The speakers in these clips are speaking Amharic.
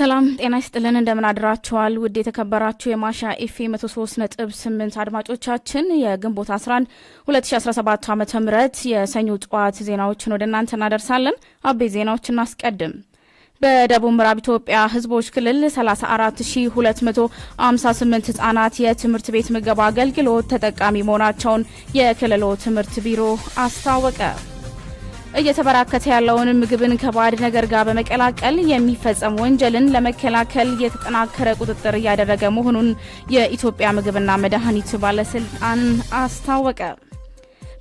ሰላም ጤና ይስጥልን። እንደምን አድራችኋል? ውድ የተከበራችሁ የማሻ ኤፍ ነጥብ ስምንት አድማጮቻችን የግንቦት አስራ 2017 አመተ ም የሰኞ ጠዋት ዜናዎችን ወደ እናንተ እናደርሳለን። አበይት ዜናዎች እናስቀድም። በደቡብ ምዕራብ ኢትዮጵያ ህዝቦች ክልል 34258 ህጻናት የትምህርት ቤት ምገባ አገልግሎት ተጠቃሚ መሆናቸውን የክልሉ ትምህርት ቢሮ አስታወቀ። እየተበራከተ ያለውን ምግብን ከባድ ነገር ጋር በመቀላቀል የሚፈጸም ወንጀልን ለመከላከል የተጠናከረ ቁጥጥር እያደረገ መሆኑን የኢትዮጵያ ምግብና መድኃኒት ባለስልጣን አስታወቀ።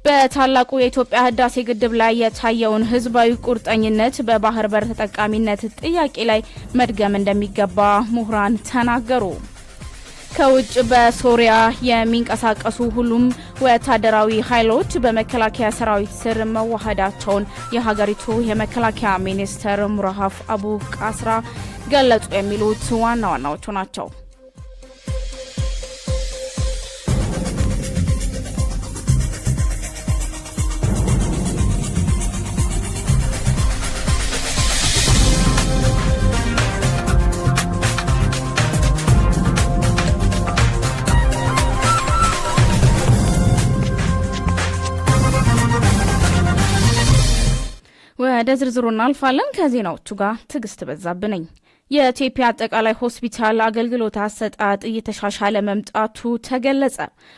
በታላቁ የኢትዮጵያ ህዳሴ ግድብ ላይ የታየውን ህዝባዊ ቁርጠኝነት በባህር በር ተጠቃሚነት ጥያቄ ላይ መድገም እንደሚገባ ምሁራን ተናገሩ። ከውጭ በሶሪያ የሚንቀሳቀሱ ሁሉም ወታደራዊ ኃይሎች በመከላከያ ሰራዊት ስር መዋሃዳቸውን የሀገሪቱ የመከላከያ ሚኒስትር ሙራሃፍ አቡ ቃስራ ገለጹ። የሚሉት ዋና ዋናዎቹ ናቸው። ወደ ዝርዝሩ እናልፋለን። ከዜናዎቹ ጋር ትዕግስት በዛብህ ነኝ። የኢትዮጵያ አጠቃላይ ሆስፒታል አገልግሎት አሰጣጥ እየተሻሻለ መምጣቱ ተገለጸ።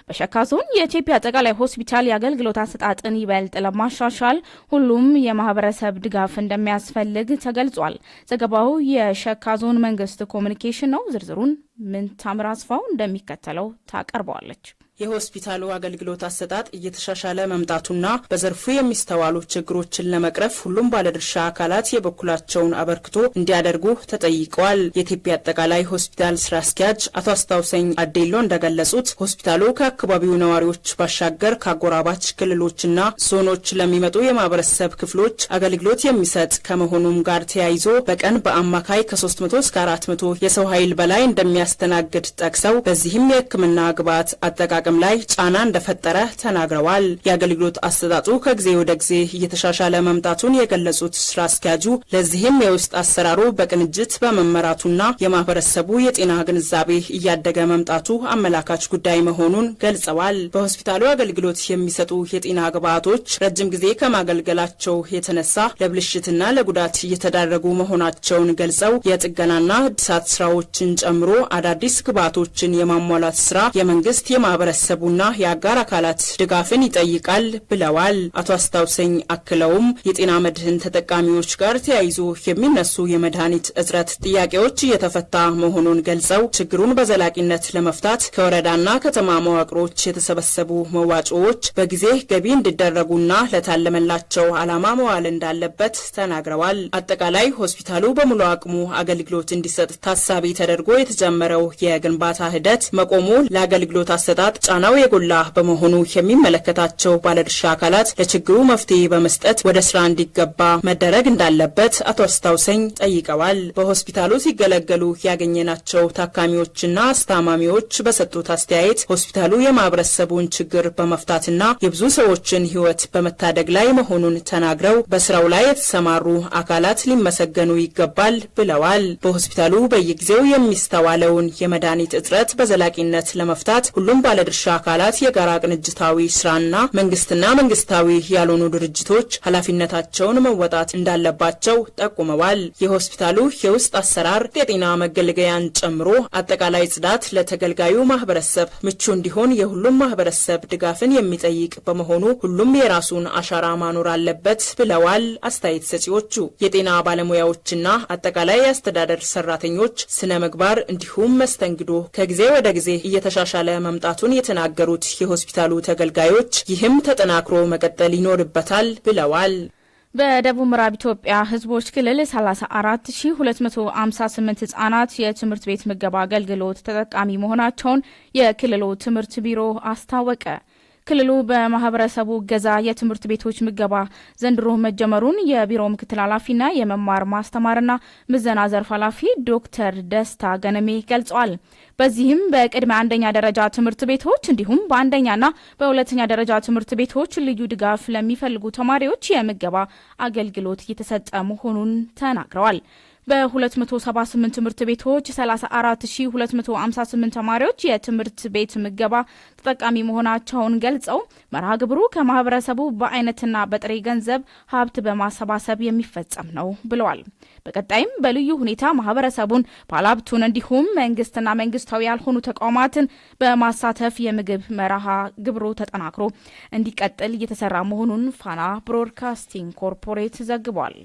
በሸካ ዞን የኢትዮጵያ አጠቃላይ ሆስፒታል የአገልግሎት አሰጣጥን ይበልጥ ለማሻሻል ሁሉም የማህበረሰብ ድጋፍ እንደሚያስፈልግ ተገልጿል። ዘገባው የሸካ ዞን መንግስት ኮሚኒኬሽን ነው። ዝርዝሩን ምንታምር አስፋው እንደሚከተለው ታቀርበዋለች። የሆስፒታሉ አገልግሎት አሰጣጥ እየተሻሻለ መምጣቱና በዘርፉ የሚስተዋሉ ችግሮችን ለመቅረፍ ሁሉም ባለድርሻ አካላት የበኩላቸውን አበርክቶ እንዲያደርጉ ተጠይቀዋል። የኢትዮጵያ አጠቃላይ ሆስፒታል ስራ አስኪያጅ አቶ አስታውሰኝ አዴሎ እንደገለጹት ሆስፒታሉ ከአካባቢው ነዋሪዎች ባሻገር ከአጎራባች ክልሎችና ዞኖች ለሚመጡ የማህበረሰብ ክፍሎች አገልግሎት የሚሰጥ ከመሆኑም ጋር ተያይዞ በቀን በአማካይ ከ300 እስከ 400 የሰው ኃይል በላይ እንደሚያስተናግድ ጠቅሰው በዚህም የሕክምና ግብዓት አጠቃቀም ጥቅም ላይ ጫና እንደፈጠረ ተናግረዋል። የአገልግሎት አሰጣጡ ከጊዜ ወደ ጊዜ እየተሻሻለ መምጣቱን የገለጹት ስራ አስኪያጁ ለዚህም የውስጥ አሰራሩ በቅንጅት በመመራቱና የማህበረሰቡ የጤና ግንዛቤ እያደገ መምጣቱ አመላካች ጉዳይ መሆኑን ገልጸዋል። በሆስፒታሉ አገልግሎት የሚሰጡ የጤና ግብዓቶች ረጅም ጊዜ ከማገልገላቸው የተነሳ ለብልሽትና ለጉዳት እየተዳረጉ መሆናቸውን ገልጸው የጥገናና እድሳት ስራዎችን ጨምሮ አዳዲስ ግብዓቶችን የማሟላት ስራ የመንግስት የማህበረሰብ የማህበረሰቡና የአጋር አካላት ድጋፍን ይጠይቃል ብለዋል። አቶ አስታውሰኝ አክለውም የጤና መድህን ተጠቃሚዎች ጋር ተያይዞ የሚነሱ የመድኃኒት እጥረት ጥያቄዎች እየተፈታ መሆኑን ገልጸው ችግሩን በዘላቂነት ለመፍታት ከወረዳና ከተማ መዋቅሮች የተሰበሰቡ መዋጮዎች በጊዜ ገቢ እንዲደረጉና ለታለመላቸው ዓላማ መዋል እንዳለበት ተናግረዋል። አጠቃላይ ሆስፒታሉ በሙሉ አቅሙ አገልግሎት እንዲሰጥ ታሳቢ ተደርጎ የተጀመረው የግንባታ ሂደት መቆሙ ለአገልግሎት አሰጣጥ ጫናው የጎላ በመሆኑ የሚመለከታቸው ባለድርሻ አካላት ለችግሩ መፍትሄ በመስጠት ወደ ስራ እንዲገባ መደረግ እንዳለበት አቶ አስታውሰኝ ጠይቀዋል። በሆስፒታሉ ሲገለገሉ ያገኘናቸው ታካሚዎችና አስታማሚዎች በሰጡት አስተያየት ሆስፒታሉ የማህበረሰቡን ችግር በመፍታትና የብዙ ሰዎችን ሕይወት በመታደግ ላይ መሆኑን ተናግረው በስራው ላይ የተሰማሩ አካላት ሊመሰገኑ ይገባል ብለዋል። በሆስፒታሉ በየጊዜው የሚስተዋለውን የመድኃኒት እጥረት በዘላቂነት ለመፍታት ሁሉም ባለድርሻ ባለድርሻ አካላት የጋራ ቅንጅታዊ ስራና መንግስትና መንግስታዊ ያልሆኑ ድርጅቶች ኃላፊነታቸውን መወጣት እንዳለባቸው ጠቁመዋል። የሆስፒታሉ የውስጥ አሰራር የጤና መገልገያን ጨምሮ አጠቃላይ ጽዳት ለተገልጋዩ ማህበረሰብ ምቹ እንዲሆን የሁሉም ማህበረሰብ ድጋፍን የሚጠይቅ በመሆኑ ሁሉም የራሱን አሻራ ማኖር አለበት ብለዋል። አስተያየት ሰጪዎቹ የጤና ባለሙያዎችና አጠቃላይ የአስተዳደር ሰራተኞች ስነ ምግባር እንዲሁም መስተንግዶ ከጊዜ ወደ ጊዜ እየተሻሻለ መምጣቱን የተናገሩት የሆስፒታሉ ተገልጋዮች ይህም ተጠናክሮ መቀጠል ይኖርበታል ብለዋል። በደቡብ ምዕራብ ኢትዮጵያ ህዝቦች ክልል 34258 ህጻናት የትምህርት ቤት ምገባ አገልግሎት ተጠቃሚ መሆናቸውን የክልሉ ትምህርት ቢሮ አስታወቀ። ክልሉ በማህበረሰቡ እገዛ የትምህርት ቤቶች ምገባ ዘንድሮ መጀመሩን የቢሮ ምክትል ኃላፊና የመማር ማስተማርና ምዘና ዘርፍ ኃላፊ ዶክተር ደስታ ገነሜ ገልጸዋል። በዚህም በቅድመ አንደኛ ደረጃ ትምህርት ቤቶች እንዲሁም በአንደኛና በሁለተኛ ደረጃ ትምህርት ቤቶች ልዩ ድጋፍ ለሚፈልጉ ተማሪዎች የምገባ አገልግሎት እየተሰጠ መሆኑን ተናግረዋል። በ278 ትምህርት ቤቶች 34258 ተማሪዎች የትምህርት ቤት ምገባ ተጠቃሚ መሆናቸውን ገልጸው መርሃ ግብሩ ከማህበረሰቡ በአይነትና በጥሬ ገንዘብ ሀብት በማሰባሰብ የሚፈጸም ነው ብለዋል። በቀጣይም በልዩ ሁኔታ ማህበረሰቡን ባለሀብቱን፣ እንዲሁም መንግስትና መንግስታዊ ያልሆኑ ተቋማትን በማሳተፍ የምግብ መርሃ ግብሩ ተጠናክሮ እንዲቀጥል እየተሰራ መሆኑን ፋና ብሮድካስቲንግ ኮርፖሬት ዘግቧል።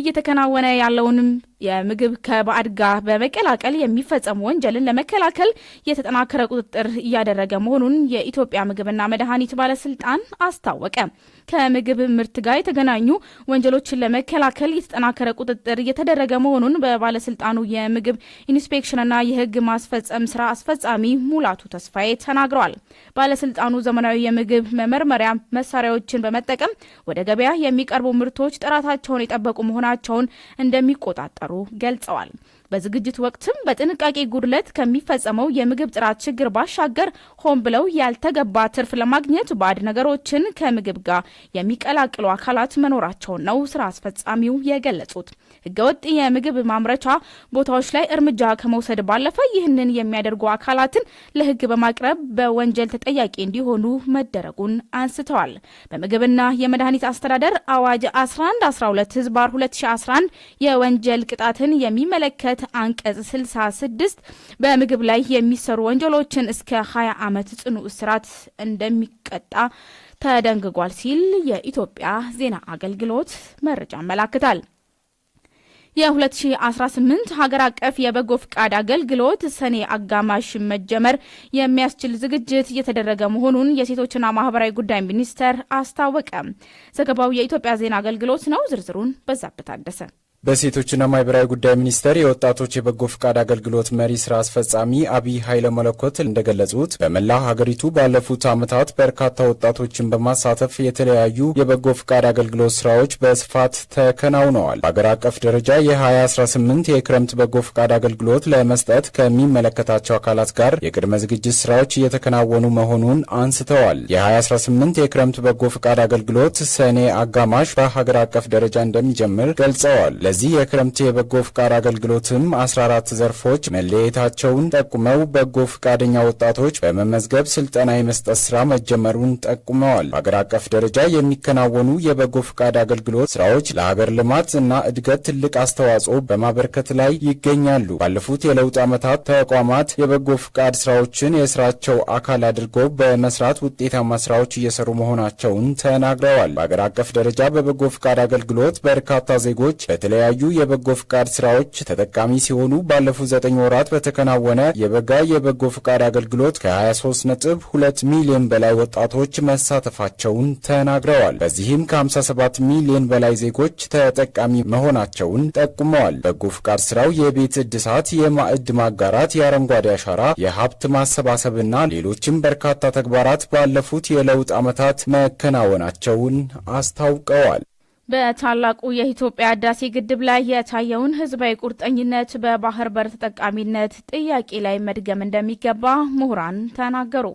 እየተከናወነ ያለውንም የምግብ ከባዕድ ጋር በመቀላቀል የሚፈጸሙ ወንጀልን ለመከላከል የተጠናከረ ቁጥጥር እያደረገ መሆኑን የኢትዮጵያ ምግብና መድኃኒት ባለስልጣን አስታወቀ። ከምግብ ምርት ጋር የተገናኙ ወንጀሎችን ለመከላከል የተጠናከረ ቁጥጥር እየተደረገ መሆኑን በባለስልጣኑ የምግብ ኢንስፔክሽንና የሕግ ማስፈጸም ስራ አስፈጻሚ ሙላቱ ተስፋዬ ተናግረዋል። ባለስልጣኑ ዘመናዊ የምግብ መመርመሪያ መሳሪያዎችን በመጠቀም ወደ ገበያ የሚቀርቡ ምርቶች ጥራታቸውን የጠበቁ መሆናቸውን እንደሚቆጣጠሩ እንደሚሰሩ ገልጸዋል። በዝግጅት ወቅትም በጥንቃቄ ጉድለት ከሚፈጸመው የምግብ ጥራት ችግር ባሻገር ሆን ብለው ያልተገባ ትርፍ ለማግኘት ባዕድ ነገሮችን ከምግብ ጋር የሚቀላቅሉ አካላት መኖራቸውን ነው ስራ አስፈጻሚው የገለጹት። ህገወጥ የምግብ ማምረቻ ቦታዎች ላይ እርምጃ ከመውሰድ ባለፈ ይህንን የሚያደርጉ አካላትን ለህግ በማቅረብ በወንጀል ተጠያቂ እንዲሆኑ መደረጉን አንስተዋል። በምግብና የመድኃኒት አስተዳደር አዋጅ 1112 ህዝባር 2011 የወንጀል ቅጣትን የሚመለከት አንቀጽ 66 በምግብ ላይ የሚሰሩ ወንጀሎችን እስከ 20 ዓመት ጽኑ እስራት እንደሚቀጣ ተደንግጓል ሲል የኢትዮጵያ ዜና አገልግሎት መረጃ ያመላክታል። የ2018 ሀገር አቀፍ የበጎ ፍቃድ አገልግሎት ሰኔ አጋማሽ መጀመር የሚያስችል ዝግጅት እየተደረገ መሆኑን የሴቶችና ማህበራዊ ጉዳይ ሚኒስቴር አስታወቀ። ዘገባው የኢትዮጵያ ዜና አገልግሎት ነው። ዝርዝሩን በዛብህ ታደሰ በሴቶችና ማህበራዊ ጉዳይ ሚኒስቴር የወጣቶች የበጎ ፍቃድ አገልግሎት መሪ ስራ አስፈጻሚ አብይ ኃይለ መለኮት እንደገለጹት በመላ ሀገሪቱ ባለፉት ዓመታት በርካታ ወጣቶችን በማሳተፍ የተለያዩ የበጎ ፍቃድ አገልግሎት ስራዎች በስፋት ተከናውነዋል። በአገር አቀፍ ደረጃ የ2018 የክረምት በጎ ፍቃድ አገልግሎት ለመስጠት ከሚመለከታቸው አካላት ጋር የቅድመ ዝግጅት ስራዎች እየተከናወኑ መሆኑን አንስተዋል። የ2018 የክረምት በጎ ፍቃድ አገልግሎት ሰኔ አጋማሽ በሀገር አቀፍ ደረጃ እንደሚጀምር ገልጸዋል። ለዚህ የክረምት የበጎ ፍቃድ አገልግሎትም 14 ዘርፎች መለየታቸውን ጠቁመው በጎ ፍቃደኛ ወጣቶች በመመዝገብ ስልጠና የመስጠት ስራ መጀመሩን ጠቁመዋል። በአገር አቀፍ ደረጃ የሚከናወኑ የበጎ ፍቃድ አገልግሎት ስራዎች ለሀገር ልማት እና እድገት ትልቅ አስተዋጽኦ በማበርከት ላይ ይገኛሉ። ባለፉት የለውጥ ዓመታት ተቋማት የበጎ ፍቃድ ስራዎችን የስራቸው አካል አድርገው በመስራት ውጤታማ ስራዎች እየሰሩ መሆናቸውን ተናግረዋል። በአገር አቀፍ ደረጃ በበጎ ፍቃድ አገልግሎት በርካታ ዜጎች በተለ በተለያዩ የበጎ ፍቃድ ስራዎች ተጠቃሚ ሲሆኑ ባለፉት ዘጠኝ ወራት በተከናወነ የበጋ የበጎ ፍቃድ አገልግሎት ከ 23 2 ሚሊዮን በላይ ወጣቶች መሳተፋቸውን ተናግረዋል። በዚህም ከ57 ሚሊዮን በላይ ዜጎች ተጠቃሚ መሆናቸውን ጠቁመዋል። በጎ ፍቃድ ስራው የቤት እድሳት፣ የማዕድ ማጋራት፣ የአረንጓዴ አሻራ፣ የሀብት ማሰባሰብና ሌሎችም በርካታ ተግባራት ባለፉት የለውጥ ዓመታት መከናወናቸውን አስታውቀዋል። በታላቁ የኢትዮጵያ ህዳሴ ግድብ ላይ የታየውን ህዝባዊ ቁርጠኝነት በባህር በር ተጠቃሚነት ጥያቄ ላይ መድገም እንደሚገባ ምሁራን ተናገሩ።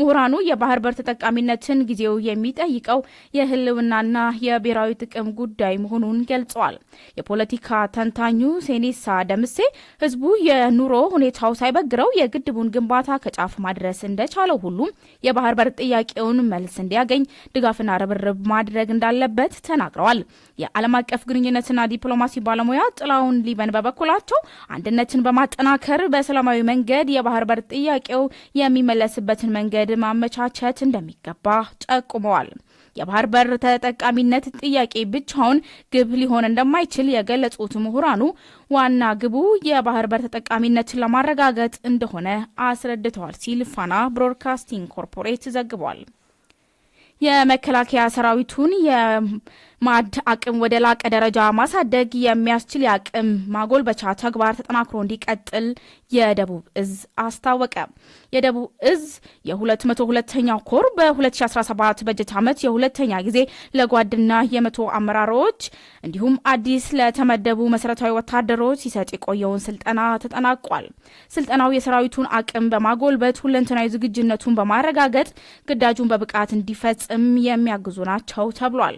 ምሁራኑ የባህር በር ተጠቃሚነትን ጊዜው የሚጠይቀው የህልውናና የብሔራዊ ጥቅም ጉዳይ መሆኑን ገልጸዋል። የፖለቲካ ተንታኙ ሴኔሳ ደምሴ ህዝቡ የኑሮ ሁኔታው ሳይበግረው የግድቡን ግንባታ ከጫፍ ማድረስ እንደቻለው ሁሉም የባህር በር ጥያቄውን መልስ እንዲያገኝ ድጋፍና ርብርብ ማድረግ እንዳለበት ተናግረዋል። የዓለም አቀፍ ግንኙነትና ዲፕሎማሲ ባለሙያ ጥላውን ሊበን በበኩላቸው አንድነትን በማጠናከር በሰላማዊ መንገድ የባህር በር ጥያቄው የሚመለስበትን መንገድ መንገድ ማመቻቸት እንደሚገባ ጠቁመዋል። የባህር በር ተጠቃሚነት ጥያቄ ብቻውን ግብ ሊሆን እንደማይችል የገለጹት ምሁራኑ ዋና ግቡ የባህር በር ተጠቃሚነትን ለማረጋገጥ እንደሆነ አስረድተዋል ሲል ፋና ብሮድካስቲንግ ኮርፖሬት ዘግቧል። የመከላከያ ሰራዊቱን ማዕድ አቅም ወደ ላቀ ደረጃ ማሳደግ የሚያስችል የአቅም ማጎልበቻ ተግባር ተጠናክሮ እንዲቀጥል የደቡብ እዝ አስታወቀ። የደቡብ እዝ የ202ኛው ኮር በ2017 በጀት ዓመት የሁለተኛ ጊዜ ለጓድና የመቶ አመራሮች እንዲሁም አዲስ ለተመደቡ መሰረታዊ ወታደሮች ሲሰጥ የቆየውን ስልጠና ተጠናቋል። ስልጠናው የሰራዊቱን አቅም በማጎልበት ሁለንተናዊ ዝግጅነቱን በማረጋገጥ ግዳጁን በብቃት እንዲፈጽም የሚያግዙ ናቸው ተብሏል።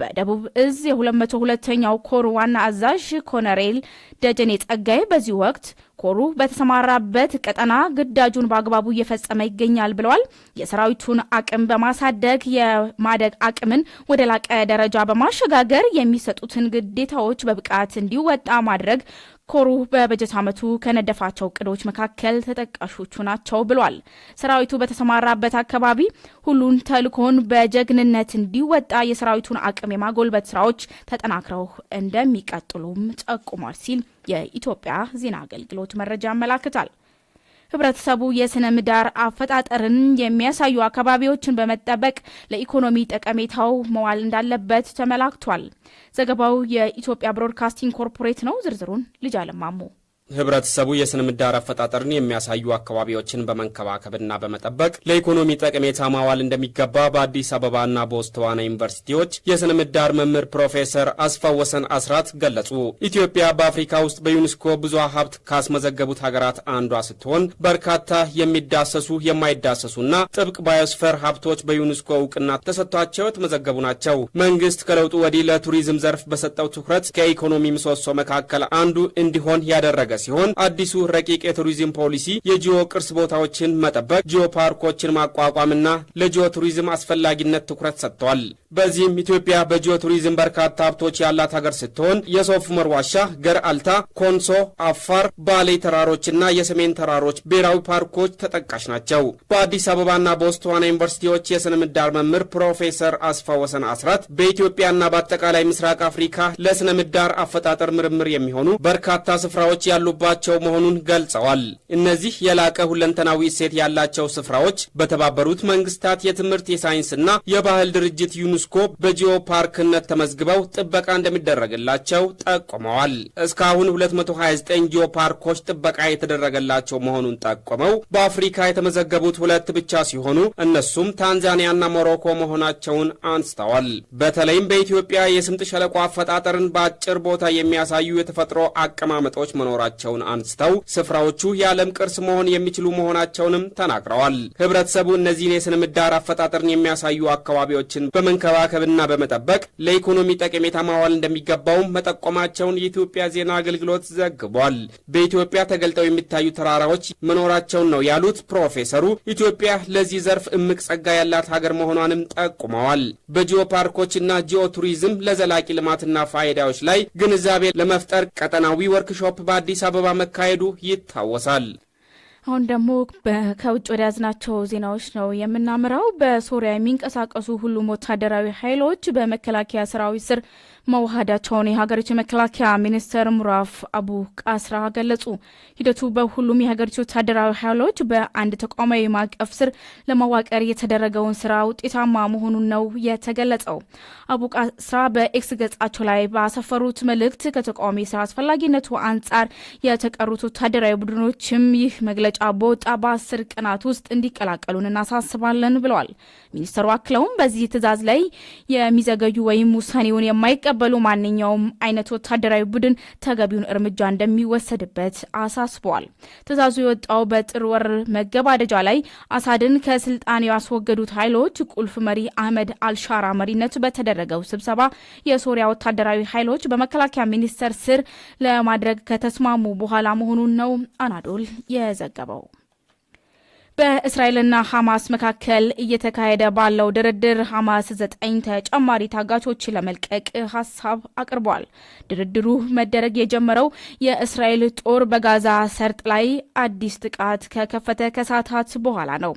በደቡብ እዝ የ202ኛው ኮር ዋና አዛዥ ኮነሬል ደጀኔ ጸጋይ በዚህ ወቅት ኮሩ በተሰማራበት ቀጠና ግዳጁን በአግባቡ እየፈጸመ ይገኛል ብለዋል። የሰራዊቱን አቅም በማሳደግ የማደግ አቅምን ወደ ላቀ ደረጃ በማሸጋገር የሚሰጡትን ግዴታዎች በብቃት እንዲወጣ ማድረግ ኮሩ በበጀት ዓመቱ ከነደፋቸው እቅዶች መካከል ተጠቃሾቹ ናቸው ብሏል። ሰራዊቱ በተሰማራበት አካባቢ ሁሉን ተልኮን በጀግንነት እንዲወጣ የሰራዊቱን አቅም የማጎልበት ስራዎች ተጠናክረው እንደሚቀጥሉም ጠቁሟል ሲል የኢትዮጵያ ዜና አገልግሎት መረጃ ያመላክታል። ህብረተሰቡ የስነ ምህዳር አፈጣጠርን የሚያሳዩ አካባቢዎችን በመጠበቅ ለኢኮኖሚ ጠቀሜታው መዋል እንዳለበት ተመላክቷል። ዘገባው የኢትዮጵያ ብሮድካስቲንግ ኮርፖሬት ነው። ዝርዝሩን ልጅ አለማሙ ህብረተሰቡ የስነ ምህዳር አፈጣጠርን የሚያሳዩ አካባቢዎችን በመንከባከብና በመጠበቅ ለኢኮኖሚ ጠቀሜታ ማዋል እንደሚገባ በአዲስ አበባና በቦትስዋና ዩኒቨርሲቲዎች የስነ ምህዳር መምህር ፕሮፌሰር አስፋወሰን አስራት ገለጹ። ኢትዮጵያ በአፍሪካ ውስጥ በዩኒስኮ ብዙ ሀብት ካስመዘገቡት ሀገራት አንዷ ስትሆን በርካታ የሚዳሰሱ የማይዳሰሱና ጥብቅ ባዮስፈር ሀብቶች በዩኒስኮ እውቅና ተሰጥቷቸው የተመዘገቡ ናቸው። መንግስት ከለውጡ ወዲህ ለቱሪዝም ዘርፍ በሰጠው ትኩረት ከኢኮኖሚ ምሰሶ መካከል አንዱ እንዲሆን ያደረገ ሲሆን አዲሱ ረቂቅ የቱሪዝም ፖሊሲ የጂኦ ቅርስ ቦታዎችን መጠበቅ፣ ጂኦ ፓርኮችን ማቋቋምና ለጂኦ ቱሪዝም አስፈላጊነት ትኩረት ሰጥቷል። በዚህም ኢትዮጵያ በጂኦ ቱሪዝም በርካታ ሀብቶች ያላት ሀገር ስትሆን የሶፍ ዑመር ዋሻ፣ ገር አልታ፣ ኮንሶ፣ አፋር፣ ባሌ ተራሮችና የሰሜን ተራሮች ብሔራዊ ፓርኮች ተጠቃሽ ናቸው። በአዲስ አበባና ቦስትዋና ዩኒቨርሲቲዎች የሥነ ምህዳር መምህር ፕሮፌሰር አስፋ ወሰን አስራት በኢትዮጵያና በአጠቃላይ ምስራቅ አፍሪካ ለስነ ምህዳር አፈጣጠር ምርምር የሚሆኑ በርካታ ስፍራዎች ያሉ ያሉባቸው መሆኑን ገልጸዋል። እነዚህ የላቀ ሁለንተናዊ እሴት ያላቸው ስፍራዎች በተባበሩት መንግስታት የትምህርት የሳይንስና የባህል ድርጅት ዩኒስኮ በጂኦ ፓርክነት ተመዝግበው ጥበቃ እንደሚደረግላቸው ጠቁመዋል። እስካሁን 229 ጂኦ ፓርኮች ጥበቃ የተደረገላቸው መሆኑን ጠቁመው በአፍሪካ የተመዘገቡት ሁለት ብቻ ሲሆኑ እነሱም ታንዛኒያና ሞሮኮ መሆናቸውን አንስተዋል። በተለይም በኢትዮጵያ የስምጥ ሸለቆ አፈጣጠርን በአጭር ቦታ የሚያሳዩ የተፈጥሮ አቀማመጦች መኖራቸው መሆናቸውን አንስተው ስፍራዎቹ የዓለም ቅርስ መሆን የሚችሉ መሆናቸውንም ተናግረዋል። ህብረተሰቡ እነዚህን የስነ ምህዳር አፈጣጠርን የሚያሳዩ አካባቢዎችን በመንከባከብና በመጠበቅ ለኢኮኖሚ ጠቀሜታ ማዋል እንደሚገባውም መጠቆማቸውን የኢትዮጵያ ዜና አገልግሎት ዘግቧል። በኢትዮጵያ ተገልጠው የሚታዩ ተራራዎች መኖራቸውን ነው ያሉት ፕሮፌሰሩ ኢትዮጵያ ለዚህ ዘርፍ እምቅ ጸጋ ያላት ሀገር መሆኗንም ጠቁመዋል። በጂኦ ፓርኮችና ጂኦ ቱሪዝም ለዘላቂ ልማትና ፋይዳዎች ላይ ግንዛቤ ለመፍጠር ቀጠናዊ ወርክሾፕ በአዲስ በአዲስ አበባ መካሄዱ ይታወሳል። አሁን ደግሞ ከውጭ ወደያዝናቸው ዜናዎች ነው የምናምራው። በሶሪያ የሚንቀሳቀሱ ሁሉም ወታደራዊ ኃይሎች በመከላከያ ሰራዊት ስር መዋሃዳቸውን የሀገሪቱ የመከላከያ ሚኒስትር ሙራፍ አቡ ቃስራ ገለጹ። ሂደቱ በሁሉም የሀገሪቱ ወታደራዊ ኃይሎች በአንድ ተቋማዊ ማዕቀፍ ስር ለመዋቀር የተደረገውን ስራ ውጤታማ መሆኑን ነው የተገለጸው። አቡ ቃስራ በኤክስ ገጻቸው ላይ ባሰፈሩት መልእክት ከተቃዋሚ ስራ አስፈላጊነቱ አንጻር የተቀሩት ወታደራዊ ቡድኖችም ይህ መግለጫ በወጣ በአስር ቀናት ውስጥ እንዲቀላቀሉን እናሳስባለን ብለዋል። ሚኒስትሩ አክለውም በዚህ ትዕዛዝ ላይ የሚዘገዩ ወይም ውሳኔውን የማይቀ ለሚቀበሉ ማንኛውም አይነት ወታደራዊ ቡድን ተገቢውን እርምጃ እንደሚወሰድበት አሳስበዋል። ትዕዛዙ የወጣው በጥር ወር መገባደጃ ላይ አሳድን ከስልጣን ያስወገዱት ኃይሎች ቁልፍ መሪ አህመድ አልሻራ መሪነት በተደረገው ስብሰባ የሶሪያ ወታደራዊ ኃይሎች በመከላከያ ሚኒስቴር ስር ለማድረግ ከተስማሙ በኋላ መሆኑን ነው አናዶል የዘገበው። በእስራኤልና ሐማስ መካከል እየተካሄደ ባለው ድርድር ሐማስ ዘጠኝ ተጨማሪ ታጋቾች ለመልቀቅ ሀሳብ አቅርቧል። ድርድሩ መደረግ የጀመረው የእስራኤል ጦር በጋዛ ሰርጥ ላይ አዲስ ጥቃት ከከፈተ ከሰዓታት በኋላ ነው።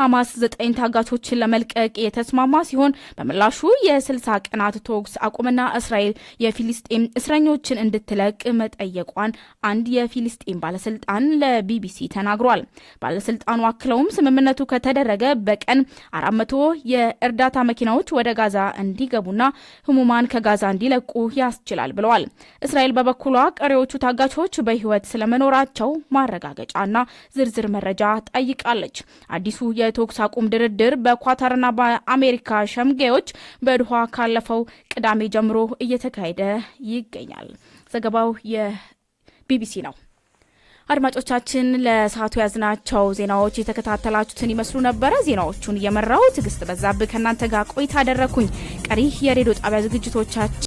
ሐማስ ዘጠኝ ታጋቾችን ለመልቀቅ የተስማማ ሲሆን በምላሹ የስልሳ ቀናት ተኩስ አቁምና እስራኤል የፊልስጤም እስረኞችን እንድትለቅ መጠየቋን አንድ የፊልስጤም ባለስልጣን ለቢቢሲ ተናግሯል። ባለስልጣኑ አክለውም ስምምነቱ ከተደረገ በቀን 400 የእርዳታ መኪናዎች ወደ ጋዛ እንዲገቡና ህሙማን ከጋዛ እንዲለቁ ያስችላል ብለዋል። እስራኤል በበኩሏ ቀሪዎቹ ታጋቾች በህይወት ስለመኖራቸው ማረጋገጫና ዝርዝር መረጃ ጠይቃለች። አዲሱ የተኩስ አቁም ድርድር በኳታርና በአሜሪካ ሸምጌዎች በድኋ ካለፈው ቅዳሜ ጀምሮ እየተካሄደ ይገኛል። ዘገባው የቢቢሲ ነው። አድማጮቻችን ለሰዓቱ ያዝናቸው ዜናዎች የተከታተላችሁትን ይመስሉ ነበረ። ዜናዎቹን እየመራው ትዕግስት በዛብህ ከእናንተ ጋር ቆይታ አደረግኩኝ። ቀሪ የሬዲዮ ጣቢያ ዝግጅቶቻችን